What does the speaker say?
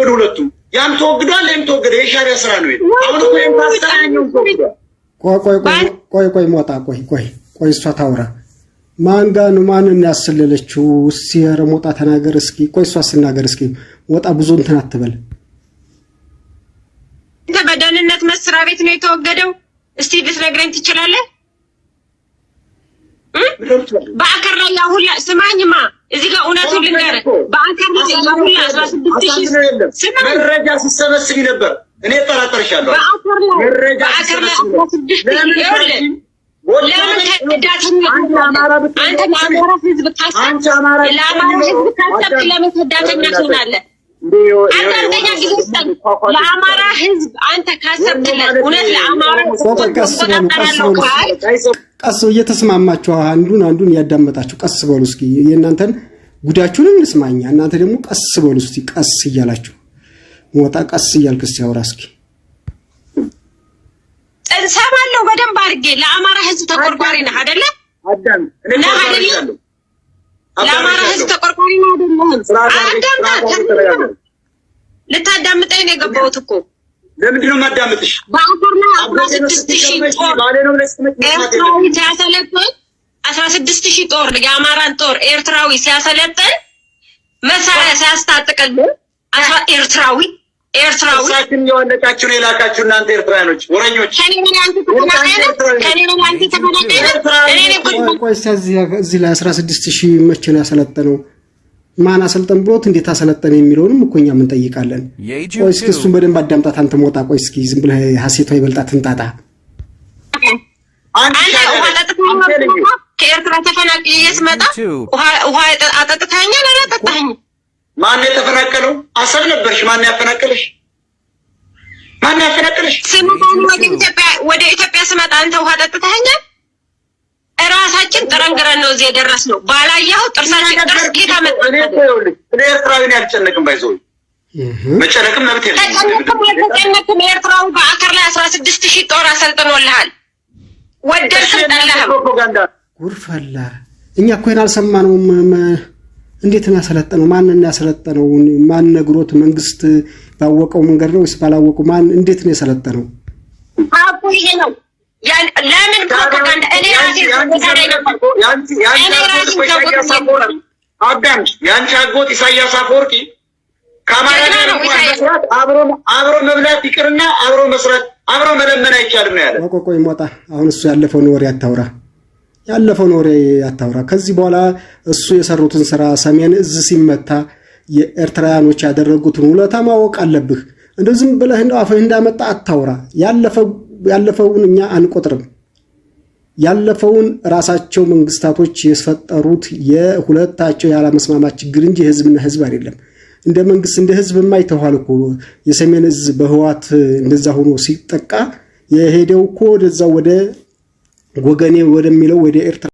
ወደ ሁለቱ ያም ተወግዷል፣ ይሄም ተወገደ። የሻሪያ ስራ ነው። አሁን እኮ ቆይ ቆይ ሞጣ ቆይ ቆይ ቆይ እሷ ታውራ ማን ጋር ነው ማንን ያስለለችው? ሲያረ ሞጣ ተናገር እስኪ። ቆይ እሷ ስናገር እስኪ ሞጣ ብዙ እንትን አትበል። በደህንነት መስሪያ ቤት ነው የተወገደው። እስቲ ልትነግረኝ ትችላለህ? በአከር ላይ ያሁላ ስማ እዚህ ጋር እውነቱን ልንገር፣ በአካል ሁላ ነበር። እኔ ጠራጠርሻለሁ። ለምን ለአማራ ህዝብ ካሰብክ ለምን ስዳተኛ ትሆናለህ? ለአማራ ህዝብ አንተ ካሰብክለት እውነት ለአማራ ቀስ እየተስማማችሁ አንዱን አንዱን ያዳመጣችሁ ቀስ በሉ እስኪ የእናንተን ጉዳችሁን እንስማኛ እናንተ ደግሞ ቀስ በሉ እስኪ ቀስ እያላችሁ ሞጣ ቀስ እያልክ እስኪ እስኪ እሰማለሁ በደንብ አድርጌ። ለአማራ ህዝብ ተቆርቋሪ ነህ አይደለም ነህ አይደለም ለአማራ ህዝብ ተቆርቋሪ ነው ልታዳምጠኝ ነው የገባሁት እኮ የማዳምጥሽ? አስራ ስድስት ሺህ ኤርትራዊ ሲያሰለጥን አስራ ስድስት ሺህ ጦር የአማራን ጦር ኤርትራዊ ሲያሰለጥን መሳሪያ ሲያስታጥቅልን ኤርትራዊ ኤርትራዊ ሳችን የወለቃችሁ የላካችሁ እናንተ ኤርትራኖች ወረኞች፣ እዚህ ላይ አስራ ስድስት ሺህ መቼ ነው ያሰለጠነው? ማን አሰልጠን ብሎት እንዴት አሰለጠነ የሚለውንም እኮ እኛም እንጠይቃለን። ቆይ እስኪ እሱን በደንብ አዳምጣት አንተ ሞጣ። ቆይ እስኪ ዝም ብለህ ሀሴቷ ይበልጣት እንጣጣ። ከኤርትራ ተፈናቅዬ ስመጣ ውሃ አጠጥታኛል አላጠጣኝም ማን የተፈናቀለው? አሰብ ነበርሽ። ማን ያፈናቀለሽ? ማን ያፈናቀለሽ? ስምጣን ወደ ኢትዮጵያ ወደ ኢትዮጵያ ስመጣ አንተ ውሃ ጠጥተኸኛል። እራሳችን ጥረንግረን ነው እዚህ የደረስነው። ባላየኸው ጥርሳችን ጥርስ ጌታ መጣ። እኔ ኤርትራዊ አልጨነቅም፣ ባይዘው መጨነቅም መብት የለም። ተጨነቅም አልተጨነቅም ኤርትራዊ በአከር ላይ አስራ ስድስት ሺህ ጦር አሰልጥኖልሃል። ወደድክም ጠላህም ጉርፈላ እኛ እኮ ይሄን አልሰማነውም። እንዴት ነው ያሰለጠነው? ማንን ያሰለጠነው? ማን ነግሮት? መንግስት ባወቀው መንገድ ነው ወይስ ባላወቁ? ማን እንዴት ነው ያሰለጠነው? አቁ ይሄ ነው ለምን ፕሮፓጋንዳ አጎት ኢሳያስ አፈወርቂ ከአማራ ጋር አብሮ መብላት ይቅርና አብሮ መስራት አብሮ መለመን አይቻልም ነው ያለ። ቆይ፣ ሞጣ አሁን እሱ ያለፈውን ወሬ አታውራ። ያለፈውን ወሬ አታውራ። ከዚህ በኋላ እሱ የሰሩትን ስራ ሰሜን እዝ ሲመታ የኤርትራውያኖች ያደረጉትን ውለታ ማወቅ አለብህ። እንደው ዝም ብለህ እንደው አፍህ እንዳመጣ አታውራ። ያለፈውን እኛ አንቆጥርም። ያለፈውን ራሳቸው መንግስታቶች የፈጠሩት የሁለታቸው ያለመስማማት ችግር እንጂ ህዝብና ህዝብ አይደለም። እንደ መንግስት እንደ ህዝብ የማይተዋል እኮ የሰሜን እዝ በህዋት እንደዛ ሆኖ ሲጠቃ የሄደው እኮ ወደዛ ወደ ወገኔ ወደሚለው ወደ ኤርትራ